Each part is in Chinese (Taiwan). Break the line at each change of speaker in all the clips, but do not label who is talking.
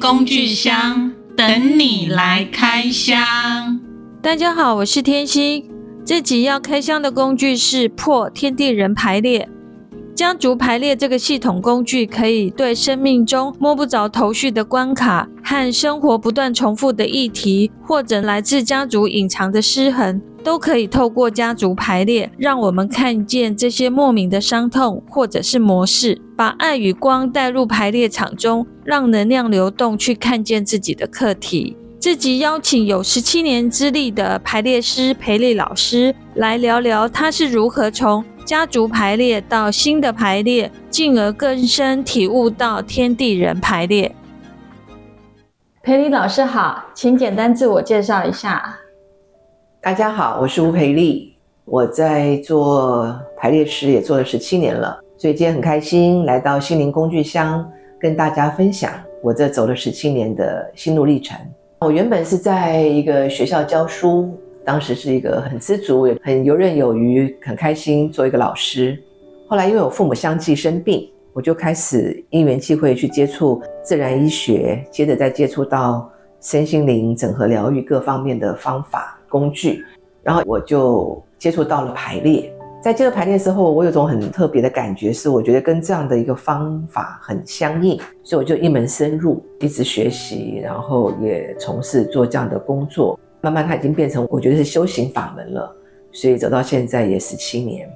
工具箱等你來開箱。大家好，我是天心。這集要開箱的工具是破天地人排列。家族排列這個系統工具，可以對生命中摸不着頭緒的關卡和生活不斷重複的議題，或者來自家族隱藏的失衡。都可以透過家族排列，讓我們看見這些莫名的傷痛或者是模式，把愛與光帶入排列場中，讓能量流動，去看見自己的課題。這集邀請有十七年資歷的排列師培儷老師來聊聊，她是如何從家族排列到心的排列，進而更深體悟到天地人排列。培儷老師好，請簡單自我介紹一下。
大家好，我是吳培麗，我在做排列師也做了十七年了，所以今天很開心來到心靈工具箱，跟大家分享我這走了十七年的心路歷程。我原本是在一個學校教書，當時是一個很知足、也很游刃有餘、很開心做一個老師。後來因為我父母相繼生病，我就開始因緣際會去接觸自然醫學，接着再接觸到身心靈整合療癒各方面的方法。工具，然後我就接觸到了排列。在接觸排列之後，我有種很特別的感覺，是我覺得跟這樣的一個方法很相應，所以我就一門深入，一直學習，然後也從事做這樣的工作。慢慢它已經變成我覺得是修行法門了，所以走到現在也十七年。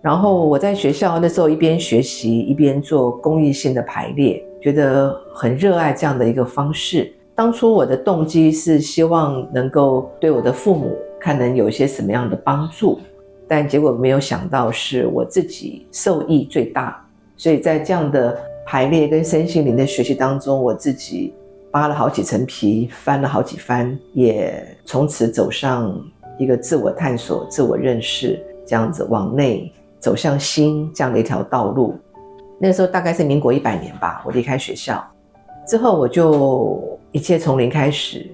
然後我在學校那時候一邊學習一邊做公益性的排列，覺得很熱愛這樣的一個方式。當初我的動機是希望能夠對我的父母看能有一些什麼樣的幫助，但結果沒有想到是我自己受益最大。所以在這樣的排列跟身心靈的學習當中，我自己扒了好幾層皮，翻了好幾番，也從此走上一個自我探索、自我認識這樣子往內走向心這樣的一條道路。那個時候大概是民國一百年吧，我離開學校之後，我就。一切從零開始，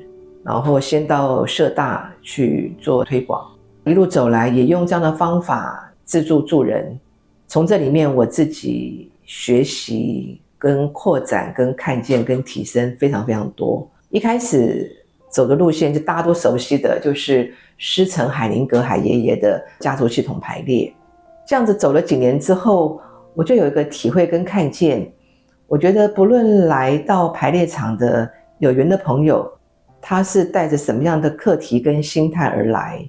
然後先到社大去做推廣，一路走來也用這樣的方法自助助人。從這裡面我自己學習跟擴展跟看見跟提升非常非常多。一開始走的路線就大家都熟悉的，就是師承海寧格海爺爺的家族系統排列，這樣子走了幾年之後，我就有一個體會跟看見，我覺得不論來到排列場的。有緣的朋友，他是帶着什麼樣的課題跟心態而來？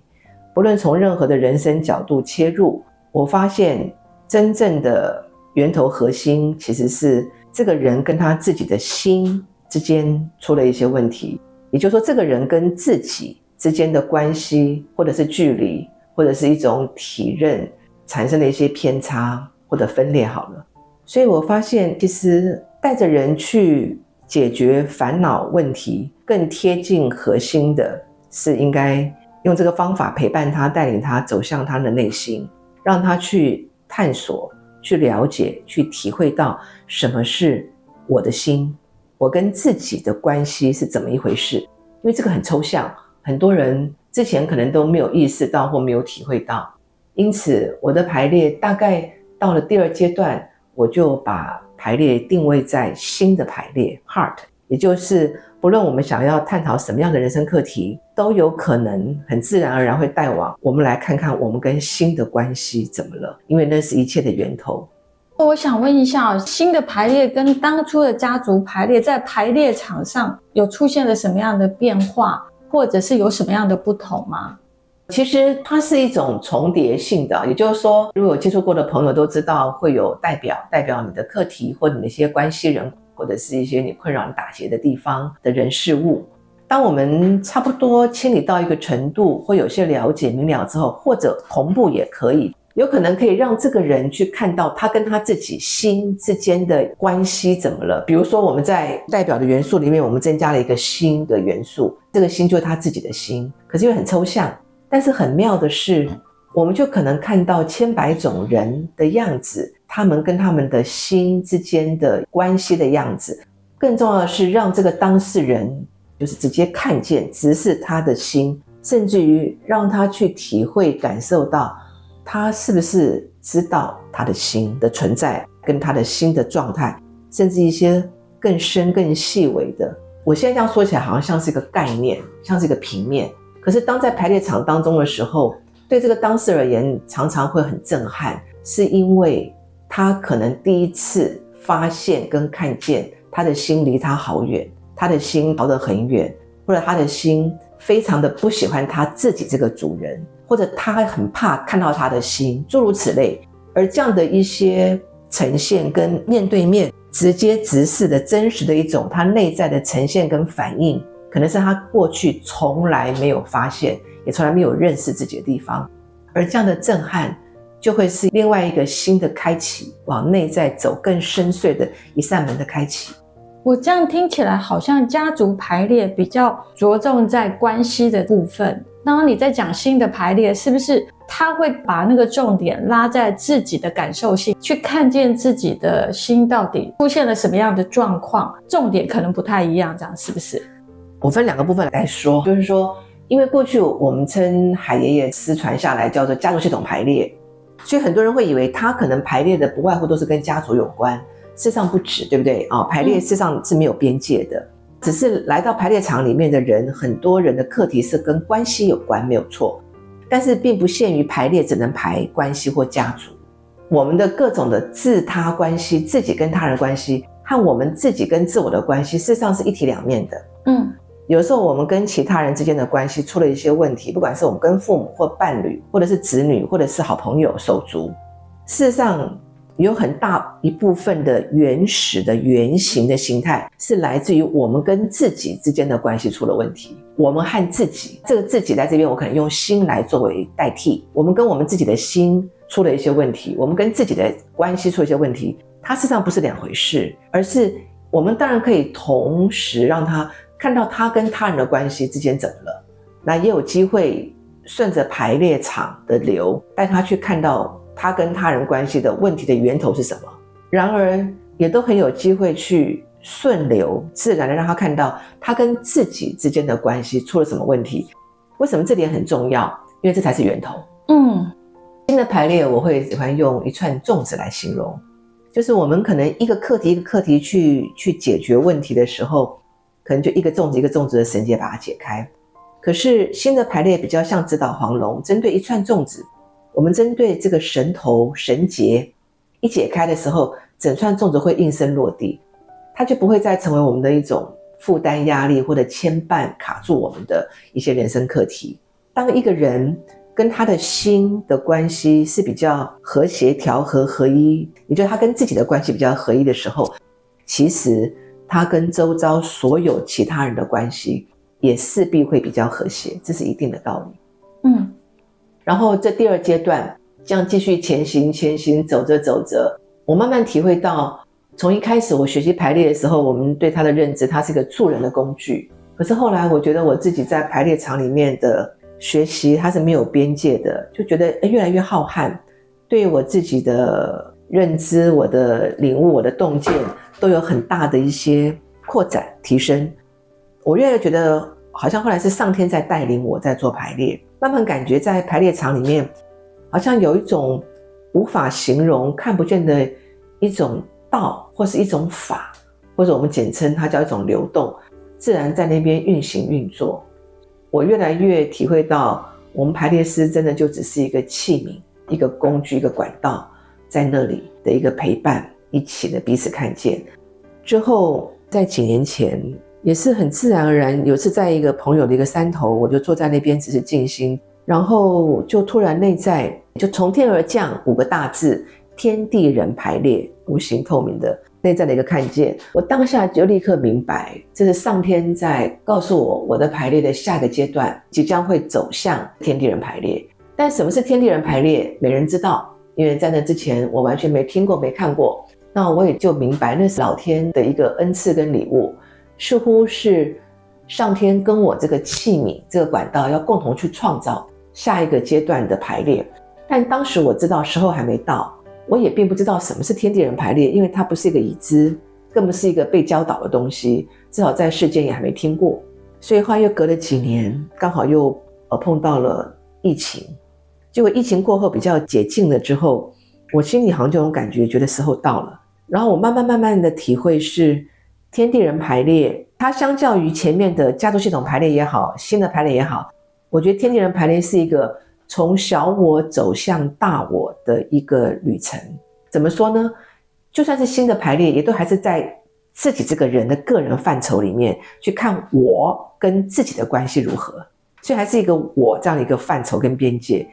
不論從任何的人生角度切入，我發現真正的源頭核心其實是這個人跟他自己的心之間出了一些問題。也就是說，這個人跟自己之間的關係，或者是距離，或者是一種體認，產生了一些偏差或者分裂。好了，所以我發現，其實帶着人去。解決煩惱問題更貼近核心的是，應該用這個方法陪伴他，帶領他走向他的內心，讓他去探索、去了解、去體會到什麼是我的心，我跟自己的關係是怎麼一回事。因為這個很抽象，很多人之前可能都沒有意識到或沒有體會到。因此，我的排列大概到了第二階段，我就把排列定位在心的排列，heart，也就是不論我們想要探討什麼樣的人生課題，都有可能很自然而然會帶往我們來看看我們跟心的關係怎麼了，因為那是一切的源頭。
我想問一下，心的排列跟當初的家族排列在排列場上有出現了什麼樣的變化，或者是有什麼樣的不同嗎？
其實它是一種重疊性的，也就是說，如果有接觸過的朋友都知道，會有代表，代表你的課題，或你的一些關係人，或者是一些你困擾你打結的地方的人事物。當我們差不多清理到一個程度，或有些了解明了之後，或者同步也可以，有可能可以讓這個人去看到他跟他自己心之間的關係怎麼了。比如說我們在代表的元素裡面，我們增加了一個心的元素，這個心就是他自己的心，可是又很抽象。但是很妙的是，我們就可能看到千百種人的樣子，他們跟他們的心之間的關係的樣子。更重要的是，讓這個當事人就是直接看見、直視他的心，甚至於讓他去體會、感受到他是不是知道他的心的存在，跟他的心的狀態，甚至一些更深、更細微的。我現在這樣說起來，好像像是一個概念，像是一個平面。可是，當在排列場當中的時候，對這個當事人而言，常常會很震撼，是因為他可能第一次發現跟看見他的心離他好遠，他的心逃得很遠，或者他的心非常的不喜歡他自己這個主人，或者他很怕看到他的心，諸如此類。而這樣的一些呈現跟面對面直接直視的真實的一種他內在的呈現跟反應。可能是他過去從來沒有發現，也從來沒有認識自己的地方，而這樣的震撼，就會是另外一個新的開啟，往內在走更深邃的一扇門的開啟。
我這樣聽起來好像家族排列比較着重在關係的部分，那你在講心的排列，是不是他會把那個重點拉在自己的感受性，去看見自己的心到底出現了什麼樣的狀況？重點可能不太一樣，這樣是不是？
我分兩個部分來說，就是說，因為過去我們稱海爺爺私傳下來叫做家族系統排列，所以很多人會以為他可能排列的不外乎都是跟家族有關，事實上不止，對不對啊？哦，排列事實上是沒有邊界的，只是來到排列場裡面的人，很多人的課題是跟關係有關，沒有錯，但是並不限於排列，只能排關係或家族。我們的各種的自他關係、自己跟他人關係和我們自己跟自我的關係，事實上是一體兩面的，嗯。有時候我們跟其他人之間的關係出了一些問題，不管是我們跟父母或伴侶，或者是子女，或者是好朋友、手足，事實上有很大一部分的原始的原型的心態是來自於我們跟自己之間的關係出了問題。我們和自己，這個自己在這邊，我可能用心來作為代替。我們跟我們自己的心出了一些問題，我們跟自己的關係出了一些問題，它事實上不是兩回事，而是我們當然可以同時讓它。看到他跟他人的關係之間怎麼了，那也有機會順着排列場的流帶他去看到他跟他人關係的問題的源頭是什麼。然而也都很有機會去順流自然的讓他看到他跟自己之間的關係出了什麼問題。為什麼這點很重要？因為這才是源頭。
嗯，
心的排列我會喜歡用一串粽子來形容，就是我們可能一個課題一個課題去去解決問題的時候。可能就一個粽子一個粽子的繩結把它解開，可是心的排列比較像直搗黃龍，針對一串粽子。我們針對這個繩頭繩結一解開的時候，整串粽子會應聲落地，它就不會再成為我們的一種負擔壓力或者牽絆卡住我們的一些人生課題。當一個人跟他的心的關係是比較和諧調和合一，也就是他跟自己的關係比較合一的時候，其實。他跟周遭所有其他人的關係也勢必會比較和諧，這是一定的道理。嗯，然後這第二階段這樣繼續前行，前行走着走着，我慢慢體會到，從一開始我學習排列的時候，我們對他的認知，他是一個助人的工具。可是後來，我覺得我自己在排列場裡面的學習，它是沒有邊界的，就覺得越來越浩瀚，對於我自己的。認知、我的領悟、我的洞見，都有很大的一些擴展提升。我越來越覺得，好像後來是上天在帶領我在做排列，慢慢感覺在排列場裡面，好像有一種無法形容、看不見的一種道，或是一種法，或者我們簡稱它叫一種流動，自然在那邊運行運作。我越來越體會到，我們排列師真的就只是一個器皿、一個工具、一個管道。在那裡的一個陪伴，一起的彼此看見，之後在幾年前也是很自然而然。有次在一個朋友的一個山頭，我就坐在那邊只是靜心，然後就突然內在就從天而降五個大字：天地人排列，無形透明的內在的一個看見。我當下就立刻明白，這是上天在告訴我我的排列的下個階段即將會走向天地人排列。但什麼是天地人排列，沒人知道。因為在那之前，我完全沒聽過、沒看過，那我也就明白那是老天的一個恩賜跟禮物，似乎是上天跟我這個器皿、這個管道要共同去創造下一個階段的排列。但當時我知道時候還沒到，我也並不知道什麼是天地人排列，因為它不是一個已知，更不是一個被教導的東西，至少在世間也還沒聽過。所以，後來又隔了幾年，剛好又呃碰到了疫情。結果疫情過後比較解禁了之後，我心裡好像就有種感覺，覺得時候到了。然後我慢慢慢慢的體會是天地人排列，它相較於前面的家族系統排列也好，心的排列也好，我覺得天地人排列是一個從小我走向大我的一個旅程。怎麼說呢？就算是心的排列，也都還是在自己這個人的個人範疇裡面去看我跟自己的關係如何，所以還是一個我這樣的一個範疇跟邊界。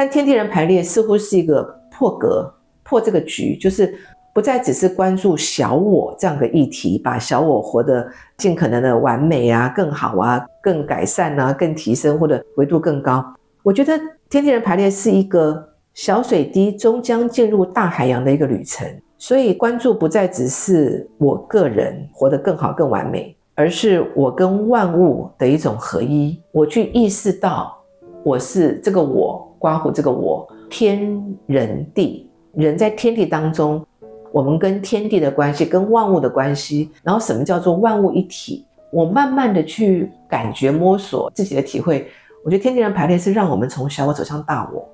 但天地人排列似乎是一個破格，破這個局，就是不再只是關注小我這樣的議題，把小我活得盡可能的完美啊，更好啊，更改善啊，更提升或者維度更高。我覺得天地人排列是一個小水滴終將進入大海洋的一個旅程，所以關注不再只是我個人活得更好更完美，而是我跟萬物的一種合一，我去意識到我是這個我。關乎這個我，天人地人在天地當中，我們跟天地的關係，跟萬物的關係，然後什麼叫做萬物一體？我慢慢的去感覺摸索自己的體會。我覺得天地人排列是讓我們從小我走向大我，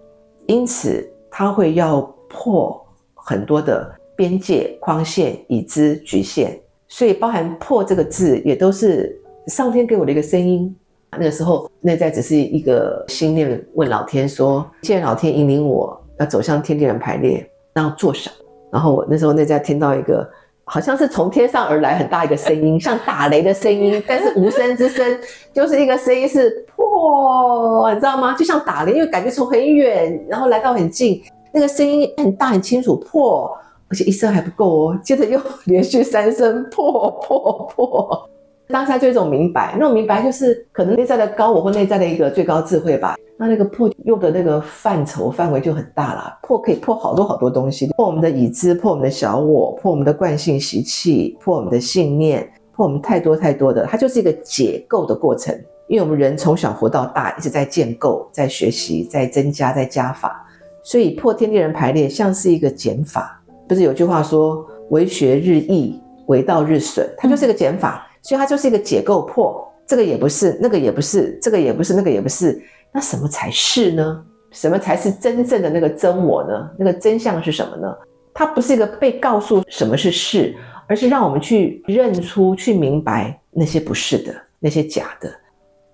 因此它會要破很多的邊界框限、已知局限。所以包含破這個字也都是上天給我的一個聲音。那個時候內在只是一個心念，問老天說：“既然老天引領我要走向天地人排列，那要做啥？”然後我那時候內在聽到一個，好像是從天上而來很大一個聲音，像打雷的聲音，但是無聲之聲， 就是一個聲音是破，你知道嗎？就像打雷，因為感覺從很遠，然後來到很近，那個聲音很大很清楚，破，而且一聲還不夠哦，接着又連續三聲破、破、破。破破當下就一種明白，那種明白就是可能內在的高我或內在的一個最高智慧吧。那那個破用的那個範疇範圍就很大了，破可以破好多好多東西，破我們的已知，破我們的小我，破我們的慣性習氣，破我們的信念，破我們太多太多的。它就是一個解構的過程，因為我們人從小活到大，一直在建構，在學習，在增加，在加法，所以破天地人排列像是一個減法。不是有句話說“為學日益，為道日損”，它就是一個減法。嗯所以它就是一個解構破，這個也不是，那個也不是，這個也不是，那個也不是，那什麼才是呢？什麼才是真正的那個真我呢？那個真相是什麼呢？它不是一個被告訴什麼是是，而是讓我們去認出、去明白那些不是的，那些假的。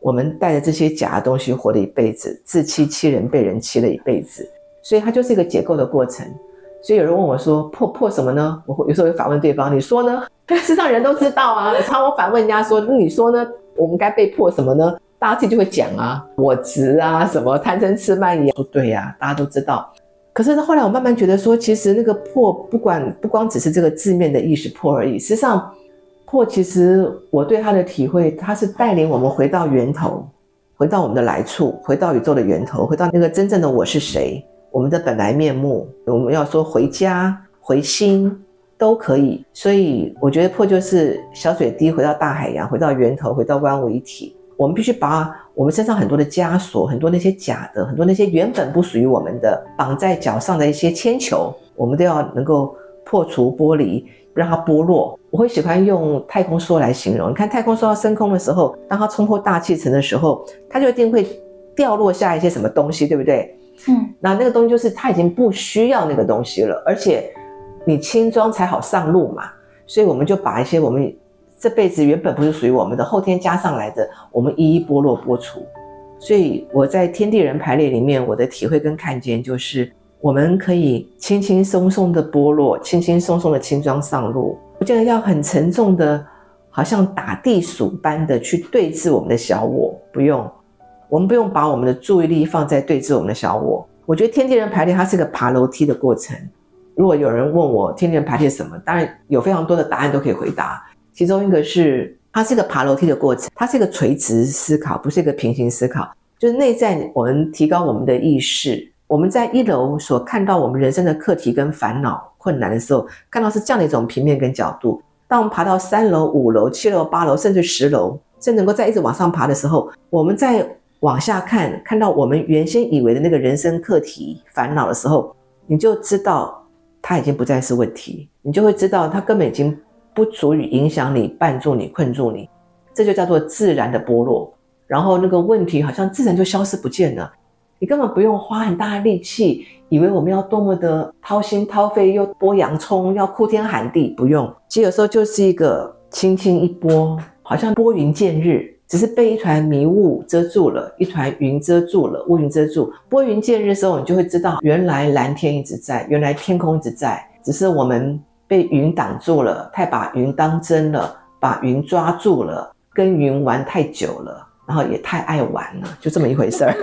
我們帶着這些假的東西活了一輩子，自欺欺人，被人欺了一輩子。所以它就是一個解構的過程。所以有人問我說：“破破什麼呢？”我會有時候會反問對方：“你說呢？”事實上人都知道啊，然後我反問人家說：“你說呢？我們該被破什麼呢？”大家自己就會講啊，我執啊，什麼貪嗔痴慢疑，說對呀、啊，大家都知道。可是後來我慢慢覺得說，其實那個破，不管不光只是這個字面的意識破而已。事實上，破其實我對它的體會，它是帶領我們回到源頭，回到我們的來處，回到宇宙的源頭，回到那個真正的我是誰。我們的本來面目，我們要說回家、回心都可以。所以我覺得破就是小水滴回到大海洋，回到源頭，回到萬物一體。我們必須把我們身上很多的枷鎖、很多那些假的、很多那些原本不屬於我們的綁在腳上的一些鉛球，我們都要能夠破除、剝離，讓它剝落。我會喜歡用太空梭來形容。你看太空梭升空的時候，當它衝破大氣層的時候，它就一定會掉落下一些什麼東西，對不對？嗯，那那個東西就是他已經不需要那個東西了，而且你輕裝才好上路嘛，所以我們就把一些我們這輩子原本不是屬於我們的後天加上來的，我們一一剝落剝除。所以我在天地人排列裡面，我的體會跟看見就是，我們可以輕輕鬆鬆的剝落，輕輕鬆鬆的輕裝上路，不見得要很沉重的，好像打地鼠般的去對峙我們的小我，不用。我們不用把我們的注意力放在對峙我們的小我。我覺得天地人排列它是一個爬樓梯的過程。如果有人問我天地人排列是什麼？當然有非常多的答案都可以回答。其中一個是它是一個爬樓梯的過程，它是一個垂直思考，不是一個平行思考。就是內在我們提高我們的意識，我們在一樓所看到我們人生的課題跟煩惱困難的時候，看到是這樣的一種平面跟角度。當我們爬到三樓、五樓、七樓、八樓，甚至十樓，甚至能夠再一直往上爬的時候，我們在往下看，看到我們原先以為的那個人生課題、煩惱的時候，你就知道它已經不再是問題，你就會知道它根本已經不足以影響你、絆住你、困住你。這就叫做自然的剝落，然後那個問題好像自然就消失不見了。你根本不用花很大的力氣，以為我們要多麼的掏心掏肺，又剝洋蔥，要哭天喊地，不用。其實有時候就是一個輕輕一撥，好像撥雲見日。只是被一團迷霧遮住了，一團雲遮住了，烏雲遮住。撥雲見日的時候，你就會知道，原來藍天一直在，原來天空一直在。只是我們被雲擋住了，太把雲當真了，把雲抓住了，跟雲玩太久了，然後也太愛玩了，就這麼一回事
兒。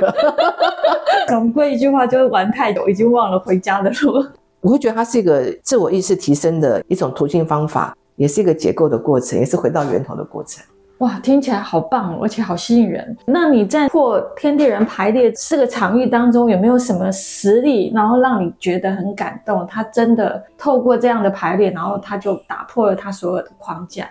總 歸 一句話，就是玩太久，已經忘了回家的路。我會
覺得它是一個自我意識提升的一種途徑方法，也是一個解構的過程，也是回到源頭的過程。
哇，聽起來好棒，而且好吸引人。那你在破天地人排列四個場域當中，有沒有什麼實例，然後讓你覺得很感動？他真的透過這樣的排列，然後他就打破了他所有的框架。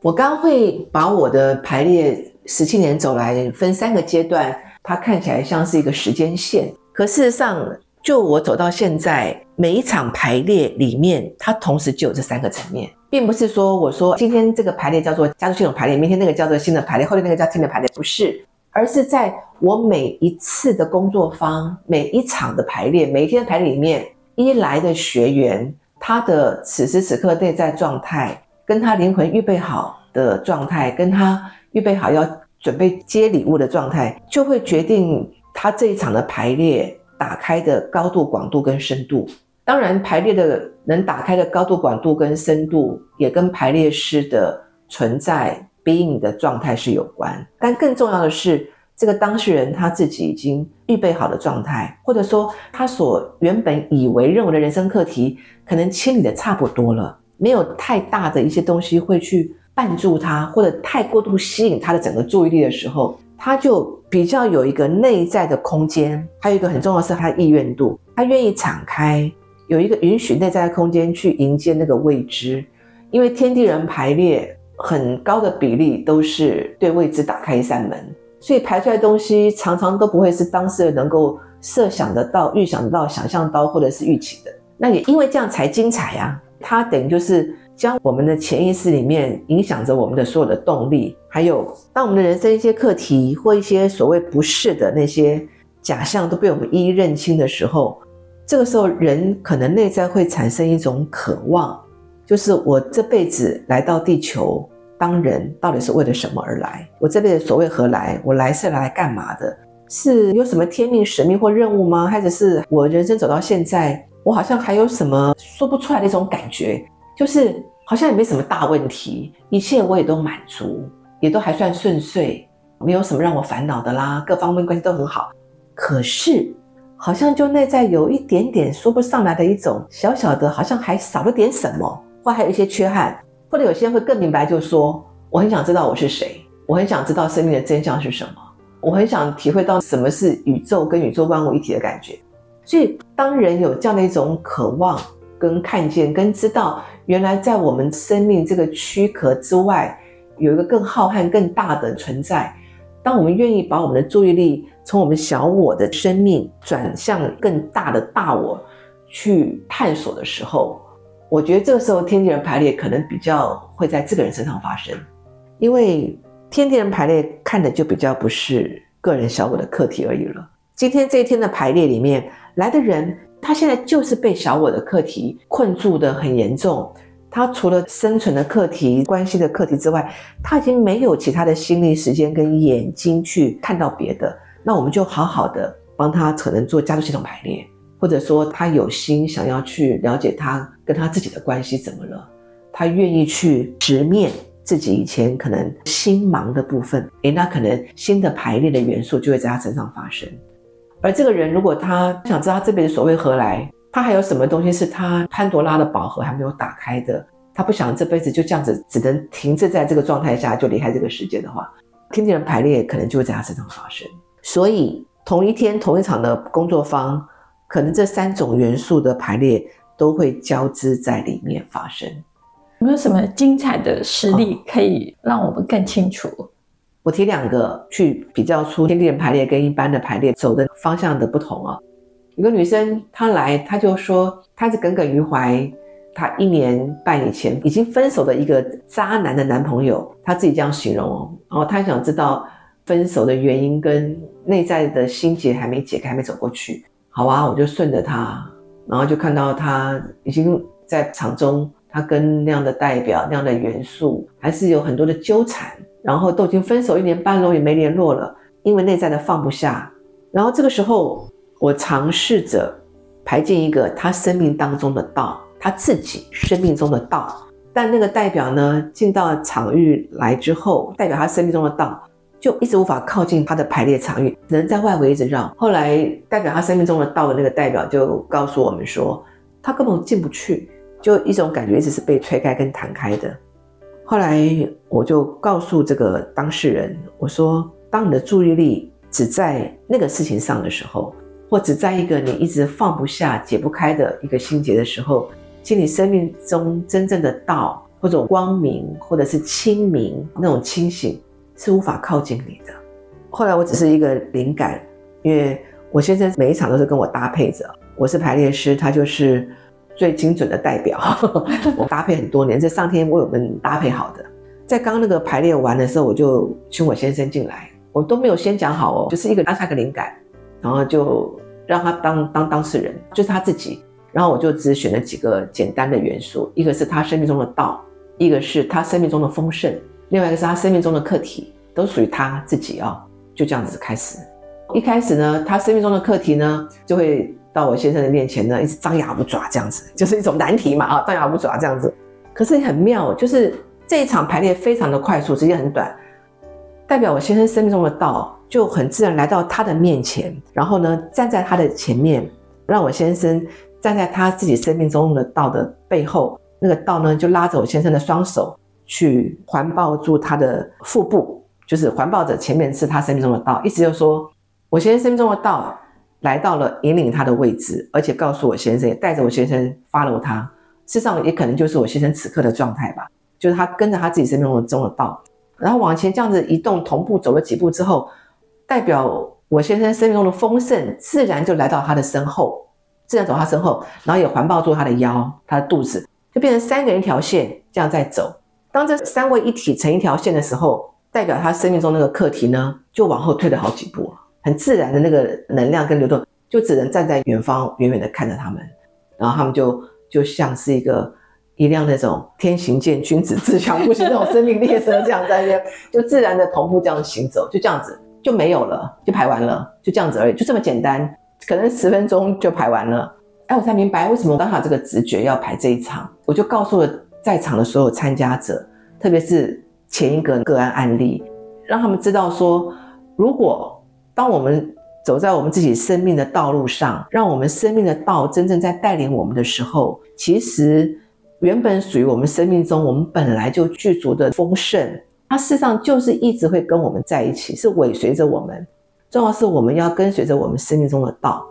我剛會把我的排列十七年走來分三個階段，它看起來像是一個時間線，可事實上，就我走到現在，每一場排列裡面，它同時就有這三個層面。並不是說我說今天這個排列叫做家族系統排列，明天那個叫做新的排列，後天那個叫新的排列，不是，而是在我每一次的工作坊、每一場的排列、每一天的排列裡面，一來的學員，他的此時此刻內在狀態，跟他靈魂預備好的狀態，跟他預備好要準備接禮物的狀態，就會決定他這一場的排列打開的高度、廣度跟深度。當然，排列的能打開的高度、廣度跟深度，也跟排列師的存在、being 的狀態是有關。但更重要的是，這個當事人他自己已經預備好的狀態，或者說他所原本以為認為的人生課題，可能清理的差不多了，沒有太大的一些東西會去絆住他，或者太過度吸引他的整個注意力的時候，他就比較有一個內在的空間。還有一個很重要的是他的意願度，他願意敞開。有一個允許內在的空間去迎接那個未知，因為天地人排列很高的比例都是對未知打開一扇門，所以排出來的東西常常都不會是當事人能夠設想得到、預想得到、想象到或者是預期的。那也因為這樣才精彩呀、啊！它等於就是將我們的潛意識裡面影響着我們的所有的動力，還有當我們的人生一些課題或一些所謂不適的那些假象都被我們一一認清的時候。這個時候，人可能內在會產生一種渴望，就是我這輩子來到地球當人，到底是為了什麼而來？我這輩子所為何來？我來是來,來幹嘛的？是有什麼天命使命或任務嗎？還是,是我人生走到現在，我好像還有什麼說不出來的一種感覺，就是好像也沒什麼大問題，一切我也都滿足，也都還算順遂，沒有什麼讓我煩惱的啦，各方面關係都很好。可是。好像就內在有一點點說不上來的一種小小的，好像還少了點什麼，或還有一些缺憾，或者有些人會更明白就，就說我很想知道我是誰，我很想知道生命的真相是什麼，我很想體會到什麼是宇宙跟宇宙萬物一體的感覺。所以，當人有這樣的一種渴望，跟看見，跟知道，原來在我們生命這個軀殼之外，有一個更浩瀚、更大的存在。當我們願意把我們的注意力。從我們小我的生命轉向更大的大我去探索的時候，我覺得這個時候天地人排列可能比較會在這個人身上發生，因為天地人排列看的就比較不是個人小我的課題而已了。今天這一天的排列裡面來的人，他現在就是被小我的課題困住的很嚴重，他除了生存的課題、關係的課題之外，他已經沒有其他的心力、時間跟眼睛去看到別的。那我們就好好的幫他，可能做家族系統排列，或者說他有心想要去了解他跟他自己的關係怎麼了，他願意去直面自己以前可能心盲的部分，誒、哎，那可能新的排列的元素就會在他身上發生。而這個人如果他想知道他這輩子所為何來，他還有什麼東西是他潘多拉的寶盒還沒有打開的，他不想這輩子就這樣子只能停滯在這個狀態下就離開這個世界的話，天地人排列可能就會在他身上發生。所以同一天、同一場的工作坊，可能這三種元素的排列都會交織在裡面發生。
有沒有什麼精彩的實例可
以讓我們更清楚？哦、我提兩個去比較出天地人排列跟一般的排列走的方向的不同哦、啊。有個女生她來，她就說她是耿耿於懷，她一年半以前已經分手的一個渣男的男朋友，她自己這樣形容哦。然後她想知道分手的原因跟。內在的心結還沒解開，還沒走過去。好啊，我就順着他，然後就看到他已經在場中，他跟那樣的代表、那樣的元素還是有很多的糾纏。然後都已經分手一年半了，也沒聯絡了，因為內在的放不下。然後這個時候，我嘗試着排進一個他生命當中的道，他自己生命中的道。但那個代表呢，進到場域來之後，代表他生命中的道。就一直無法靠近他的排列場域，只能在外圍一直繞。後來代表他生命中的道的那個代表就告訴我們說，他根本進不去，就一種感覺一直是被推開跟彈開的。後來我就告訴這個當事人，我說，當你的注意力只在那個事情上的時候，或只在一個你一直放不下、解不開的一個心結的時候，其實你生命中真正的道，或者光明，或者是清明，那種清醒。是無法靠近你的。後來我只是一個靈感，因為我先生每一場都是跟我搭配着。我是排列師，他就是最精準的代表。 我搭配很多年，是上天為我們搭配好的。在剛剛那個排列完的時候，我就請我先生進來，我都沒有先講好哦，就是一個當下一個靈感，然後就讓他當當當事人，就是他自己。然後我就只選了幾個簡單的元素，一個是他生命中的道，一個是他生命中的豐盛。另外一個是他生命中的課題，都屬於他自己哦，就這樣子開始。一開始呢，他生命中的課題呢，就會到我先生的面前呢，一直張牙舞爪這樣子，就是一種難題嘛啊，張牙舞爪這樣子。可是很妙，就是這一場排列非常的快速，時間很短，代表我先生生命中的道就很自然來到他的面前，然後呢，站在他的前面，讓我先生站在他自己生命中的道的背後，那個道呢，就拉着我先生的雙手，去環抱住他的腹部，就是環抱着前面是他生命中的道，意思就是說，我先生生命中的道來到了引領他的位置，而且告訴我先生也帶着我先生 follow 他，事實上也可能就是我先生此刻的狀態吧，就是他跟着他自己生命中的中的道，然後往前這樣子移動同步走了幾步之後，代表我先生生命中的豐盛自然就來到他的身後，自然走他身後，然後也環抱住他的腰、他的肚子，就變成三個人一條線這樣在走。當這三位一體成一條線的時候，代表他生命中那個課題呢，就往後退了好幾步。很自然的那個能量跟流動，就只能站在遠方，遠遠的看着他們。然後他們就就像是一個一輛那種天行健，君子自強不息那種生命列車這樣在那邊，就自然的同步這樣行走，就這樣子就沒有了，就排完了，就這樣子而已，就這麼簡單，可能十分鐘就排完了。哎，我才明白為什麼我剛好這個直覺要排這一場，我就告訴了。在場的所有參加者，特別是前一個個案案例，讓他們知道說：如果當我們走在我們自己生命的道路上，讓我們生命的道真正在帶領我們的時候，其實原本屬於我們生命中，我們本來就具足的豐盛，它事實上就是一直會跟我們在一起，是尾隨着我們。重要是我們要跟隨着我們生命中的道。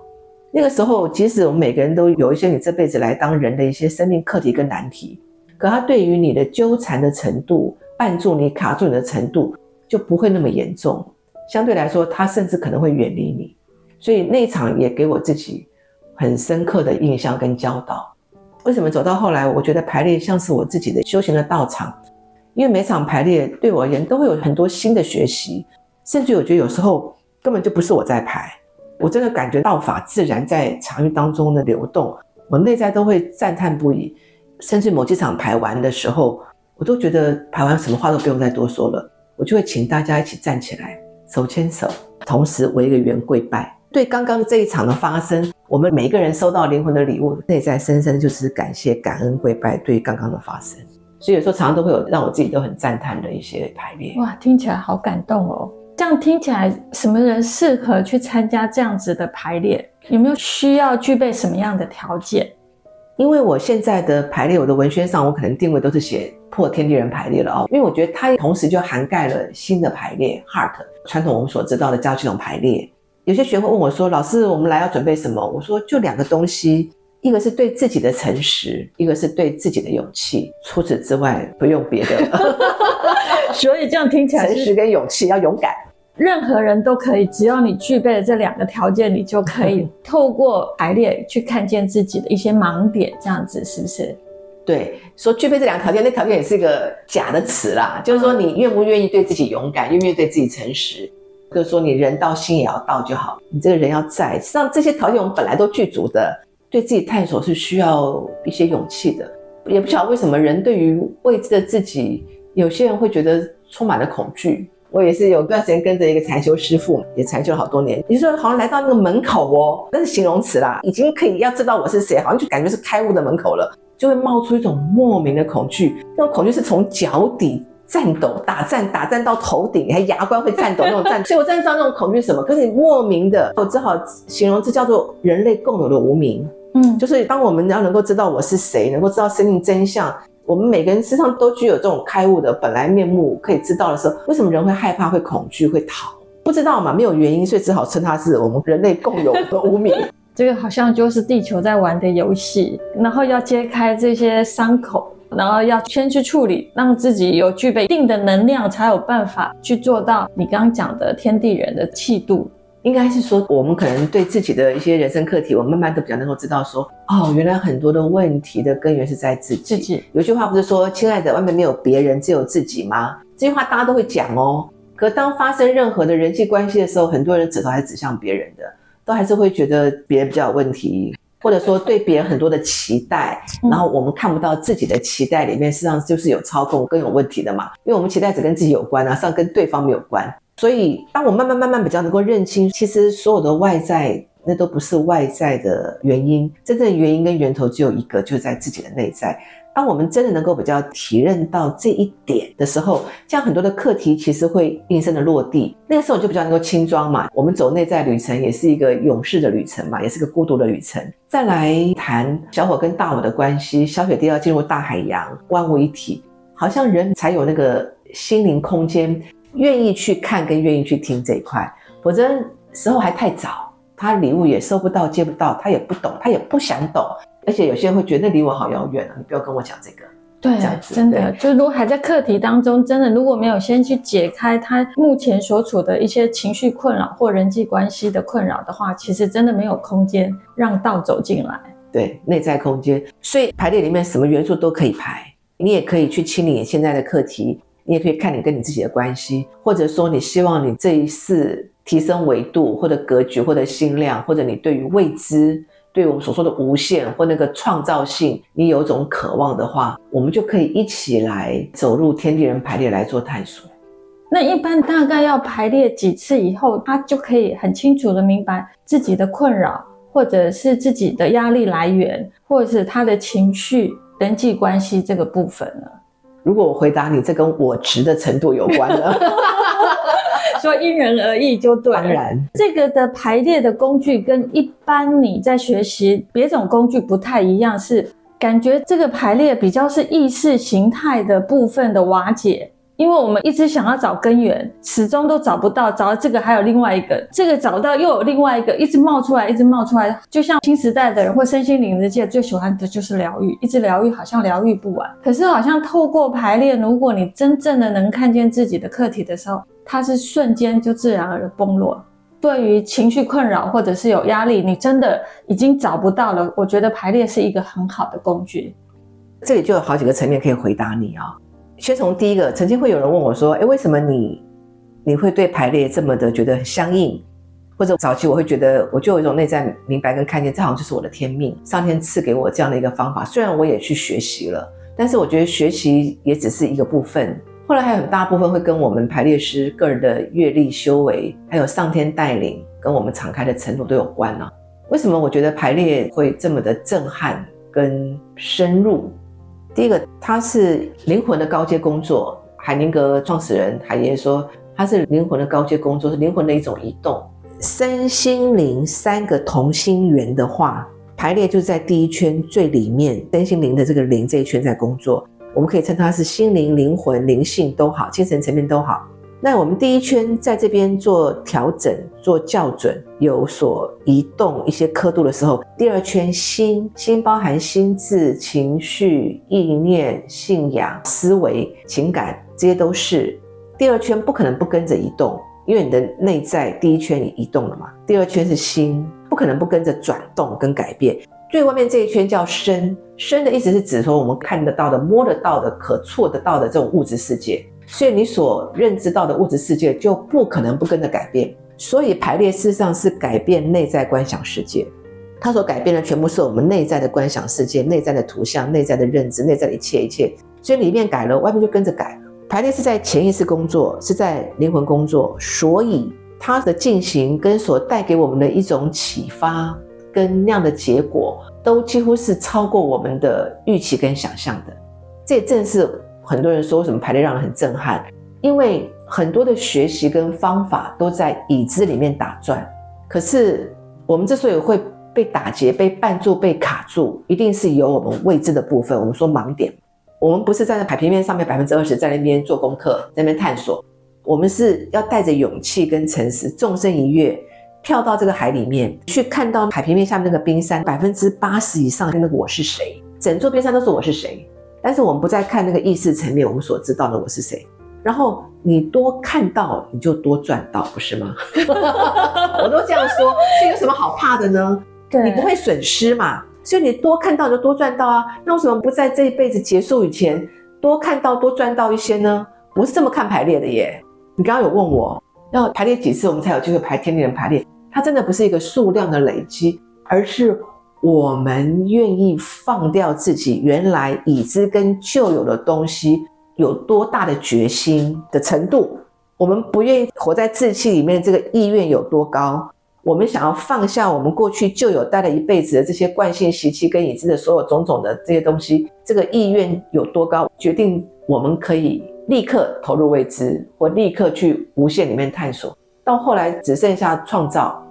那個時候，即使我們每個人都有一些你這輩子來當人的一些生命課題跟難題。可他對於你的糾纏的程度，絆住你、卡住你的程度，就不會那麼嚴重。相對來說，他甚至可能會遠離你。所以那一場也給我自己很深刻的印象跟教導。為什麼走到後來，我覺得排列像是我自己的修行的道場，因為每場排列對我而言都會有很多新的學習，甚至我覺得有時候根本就不是我在排，我真的感覺道法自然在場域當中的流動，我內在都會讚嘆不已。甚至某幾場排完的時候，我都覺得排完什麼話都不用再多說了，我就會請大家一起站起來，手牽手，同時圍一個圓跪拜，對剛剛這一場的發生，我們每一個人收到靈魂的禮物，內在深深就是感謝、感恩跪拜對剛剛的發生。所以有時候常常都會有讓我自己都很讚嘆的一
些排列。哇，聽起來好感動哦！這樣聽起來，什麼人適合去參加這樣子的排列？有沒有需要具備什麼樣的條件？因為
我現在的排列，我的文宣上，我可能定位都是寫破天地人排列了啊、哦，因為我覺得它同時就涵蓋了心的排列 heart，傳統我們所知道的家族系統排列。有些學生會問我說：“老師，我們來要準備什麼？”我說：“就兩個東西，一個是對自己的誠實，一個是對自己的勇氣。除此之外，不用別的。 ”
所以這樣聽起來，誠實跟勇氣要勇敢。任何人都可以，只要你具備了這兩個條件，你就可以透過排列去看見自己的一些盲點，這樣子是不是？
對，
說具備這兩個條件，那條件也是一個假的詞啦，就是說
你願不願意對自己勇敢，願不願意對自己誠實，就是說你人到心也要到就好，你這個人要在。實際上這些條件我們本來都具足的，對自己探索是需要一些勇氣的。也不曉得為什麼人對於未知的自己，有些人會覺得充滿了恐懼。我也是有段時間跟着一個禪修師父，也禪修了好多年。你說好像來到那個門口哦、喔，那是形容詞啦，已經可以要知道我是誰，好像就感覺是開悟的門口了，就會冒出一種莫名的恐懼。那種恐懼是從腳底顫抖、打顫、打顫到頭頂，還牙關會顫抖那種顫。所以我真的知道那種恐懼是什麼，可是你莫名的，我只好形容這叫做人類共有的無名。嗯，就是當我們要能夠知道我是誰，能夠知道生命真相。我們每個人身上都具有這種開悟的本來面目，可以知道的時候，為什麼人會害怕、會恐懼、會逃？不知道嘛，沒有原因，所以只好稱它是我們人類共有
的無明。 這個好像就是地球在玩的遊戲，然後要揭開這些傷口，然後要先去處理，讓自己有具備一定的能量，才有辦法去做到你剛剛講的天地人的氣度。應該是說，
我們可能對自己的一些人生課題，我們慢慢都比較能夠知道說，哦，原來很多的問題的根源是在自己。是是。有句話不是說，親愛的，外面沒有別人，只有自己嗎？這句話大家都會講哦。可當發生任何的人際關係的時候，很多人指頭還指向別人的，都還是會覺得別人比較有問題，或者說對別人很多的期待，然後我們看不到自己的期待裡面，實際上就是有操控跟有問題的嘛。因為我們期待只跟自己有關啊，實際上跟對方沒有關。所以，當我慢慢慢慢比較能夠認清，其實所有的外在那都不是外在的原因，真正的原因跟源頭只有一個，就在自己的內在。當我們真的能夠比較體認到這一點的時候，這樣很多的課題其實會應聲的落地。那個時候我就比較能夠輕裝嘛，我們走內在旅程也是一個勇士的旅程嘛，也是個孤獨的旅程。再來談小我跟大我的關係，小水滴要進入大海洋，萬物一體，好像人才有那個心靈空間。願意去看跟願意去聽這一塊，否則時候還太早，他禮物也收不到，接不到，他也不懂，他也不想懂，而且有些人會覺得離我好遙遠啊，你不要跟我講這個，
對，這樣子真的，就如果還在課題當中，真的如果沒有先去解開他目前所處的一些情緒困擾或人際關係的困擾的話，其實真的沒有空間讓道走進來，
對，內在空間，所以排列裡面什麼元素都可以排，你也可以去清理現在的課題。你也可以看你跟你自己的關係，或者說你希望你這一次提升維度，或者格局，或者心量，或者你對於未知，對我們所說的無限或那個創造性，你有種渴望的話，我們就可以一起來走入天地人排列來做探
索。那一般大概要排列幾次以後，他就可以很清楚的明白自己的困擾，或者是自己的壓力來源，或者是他的情緒、人際關係這個部分了？
如果我回答你，這跟我值的程
度有關了， 說因人而異就對了。當然，這個的排列的工具跟一般你在學習別種工具不太一樣，是感覺這個排列比較是意識形態的部分的瓦解。因為我們一直想要找根源，始終都找不到，找到這個還有另外一個，這個找到又有另外一個，一直冒出來，一直冒出來。就像新時代的人或身心靈的界，最喜歡的就是療癒，一直療癒，好像療癒不完。可是好像透過排列，如果你真正的能看見自己的課題的時候，它是瞬間就自然而然崩落。對於情緒困擾或者是有壓力，你真的已經找不到了。我覺得排列是一個很好的工具。
這裡就有好幾個層面可以回答你啊、哦。先從第一個，曾經會有人問我說：“哎，為什麼你你會對排列這麼的覺得很相應？”或者早期我會覺得，我就有一種內在明白跟看見，這好像就是我的天命，上天賜給我這樣的一個方法。雖然我也去學習了，但是我覺得學習也只是一個部分。後來還有很大部分會跟我們排列師個人的閱歷、修為，還有上天帶領跟我們敞開的程度都有關呢啊。為什麼我覺得排列會這麼的震撼跟深入？第一個，它是靈魂的高階工作。海寧格創始人海爺說，它是靈魂的高階工作，是靈魂的一種移動。身心靈三個同心圓的話，排列就在第一圈最裡面，身心靈的這個靈這一圈在工作。我們可以稱它是心靈、靈魂、靈性都好，精神層面都好。那我們第一圈在這邊做調整、做校準，有所移動一些刻度的時候，第二圈心心包含心智、情緒、意念、信仰、思維、情感，這些都是第二圈，不可能不跟着移動，因為你的內在第一圈你移動了嘛，第二圈是心，不可能不跟着轉動跟改變。最外面這一圈叫身，身的意思是指說我們看得到的、摸得到的、可觸得到的這種物質世界。所以你所認知到的物質世界就不可能不跟着改變。所以排列事實上是改變內在觀想世界，它所改變的全部是我們內在的觀想世界、內在的圖像、內在的認知、內在的一切一切。所以裡面改了，外面就跟着改了。排列是在潛意識工作，是在靈魂工作，所以它的進行跟所帶給我們的一種啟發跟那樣的結果，都幾乎是超過我們的預期跟想象的。這也正是。很多人說，為什麼排列讓人很震撼？因為很多的學習跟方法都在已知裡面打轉。可是我們之所以會被打結、被絆住、被卡住，一定是有我們未知的部分。我們說盲點。我們不是站在海平面上面百分之二十在那邊做功課、在那邊探索。我們是要帶着勇氣跟誠實，縱身一躍，跳到這個海裡面去，看到海平面下面那個冰山百分之八十以上的那個我是誰？整座冰山都是我是誰？但是我們不再看那個意識層面，我們所知道的我是誰。然後你多看到，你就多賺到，不是嗎？ 我都這樣說，是有什麼好怕的呢？對，你不會損失嘛？所以你多看到就多賺到啊。那為什麼不在這一輩子結束以前多看到多賺到一些呢？我是這麼看排列的耶。你剛剛有問我要排列幾次我們才有機會排天地人排列，它真的不是一個數量的累積，而是。我們願意放掉自己原來已知跟舊有的東西有多大的決心的程度，我們不願意活在自欺裡面，這個意願有多高，我們想要放下我們過去舊有帶了一輩子的這些慣性習氣跟已知的所有種種的這些東西，這個意願有多高，決定我們可以立刻投入未知，或立刻去無限裡面探索，到後來只剩下創造，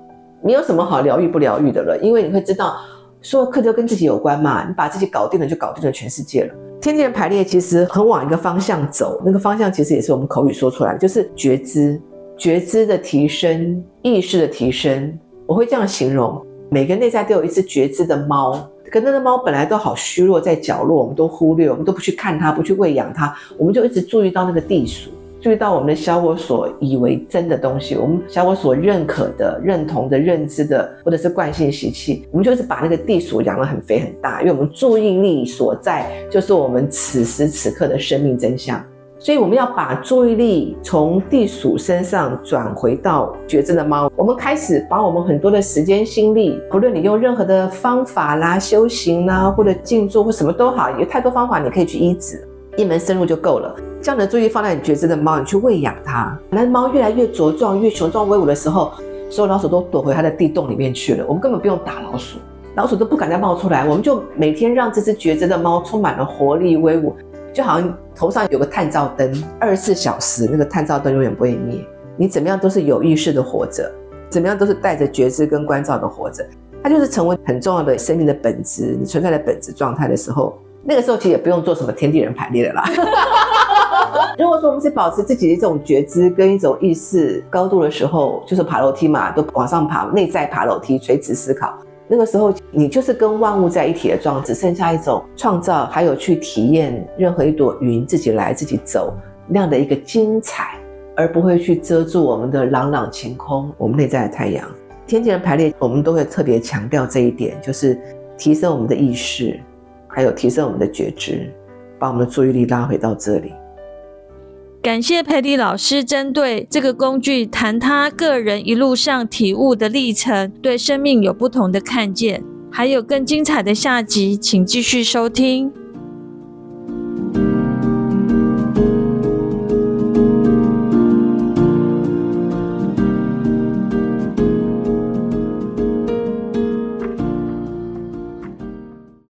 沒有什麼好療癒不療癒的了，因為你會知道。說課就跟自己有關嘛，你把自己搞定了，就搞定了全世界了。天地人排列其實很往一個方向走，那個方向其實也是我們口語說出來，就是覺知，覺知的提升，意識的提升。我會這樣形容，每個內在都有一隻覺知的貓，可那個貓本來都好虛弱，在角落，我們都忽略，我們都不去看它，不去餵養它，我們就一直注意到那個地鼠。注意到我們的小我所以為真的東西，我們小我所認可的、認同的、認知的，或者是慣性習氣，我們就是把那個地鼠養得很肥很大，因為我們注意力所在就是我們此時此刻的生命真相。所以我們要把注意力從地鼠身上轉回到覺知的貓。我們開始把我們很多的時間心力，不論你用任何的方法啦、修行啦，或者靜坐或什麼都好，有太多方法你可以去醫治。一門深入就夠了，這樣的注意放在你覺知的貓，你去餵養它。當貓越來越茁壯、越雄壯、威武的時候，所有老鼠都躲回它的地洞裡面去了。我們根本不用打老鼠，老鼠都不敢再冒出來。我們就每天讓這隻覺知的貓充滿了活力、威武，就好像頭上有個探照燈，二十四小時那個探照燈永遠不會滅。你怎麼樣都是有意識的活着，怎麼樣都是帶着覺知跟觀照的活着。它就是成為很重要的生命的本質，你存在的本質狀態的時候。那個時候其實也不用做什麼天地人排列的啦。如果說我們是保持自己的一種覺知跟一種意識高度的時候，就是爬樓梯嘛，都往上爬，內在爬樓梯，垂直思考。那個時候你就是跟萬物在一起的狀態，只剩下一種創造，還有去體驗任何一朵雲自己來自己走那樣的一個精彩，而不會去遮住我們的朗朗晴空，我們內在的太陽。天地人排列，我們都會特別強調這一點，就是提升我們的意識。還有提升我們的覺知，把我們的注意力拉回到這裡。
感謝培儷老師針對這個工具談他個人一路上體悟的歷程，對生命有不同的看見。還有更精彩的下集，請繼續收聽。